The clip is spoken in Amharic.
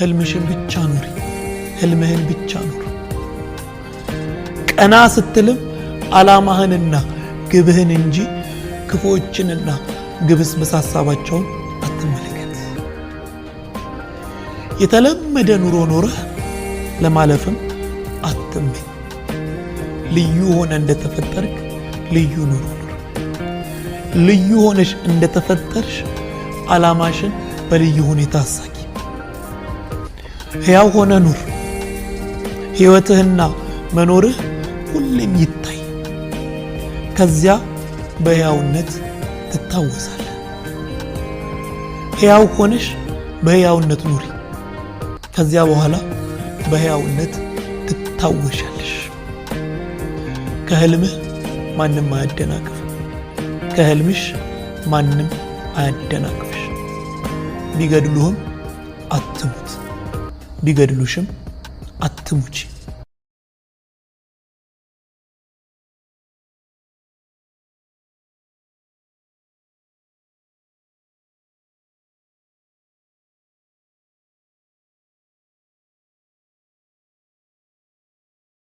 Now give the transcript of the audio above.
ህልምሽን ብቻ ኑሪ። ህልምህን ብቻ ኑር። ቀና ስትልም አላማህንና ግብህን እንጂ ክፉዎችንና ግብስብስ ሀሳባቸውን አትመለከት። የተለመደ ኑሮ ኖረህ ለማለፍም አትመ ልዩ ሆነ እንደተፈጠርክ ልዩ ኑሮ ኑር። ልዩ ሆነሽ እንደተፈጠርሽ አላማሽን በልዩ ሁኔታ አሳኪ። ሕያው ሆነ ኑር። ሕይወትህና መኖርህ ሁሌም ይታይ። ከዚያ በሕያውነት ትታወሳል ሕያው ሆነሽ በሕያውነት ኑሪ። ከዚያ በኋላ በሕያውነት ትታወሻለሽ። ከህልምህ ማንም አያደናቅፍ። ከህልምሽ ማንም አያደናቅፍሽ። ቢገድሉህም አትሙት። ቢገድሉሽም አትሙች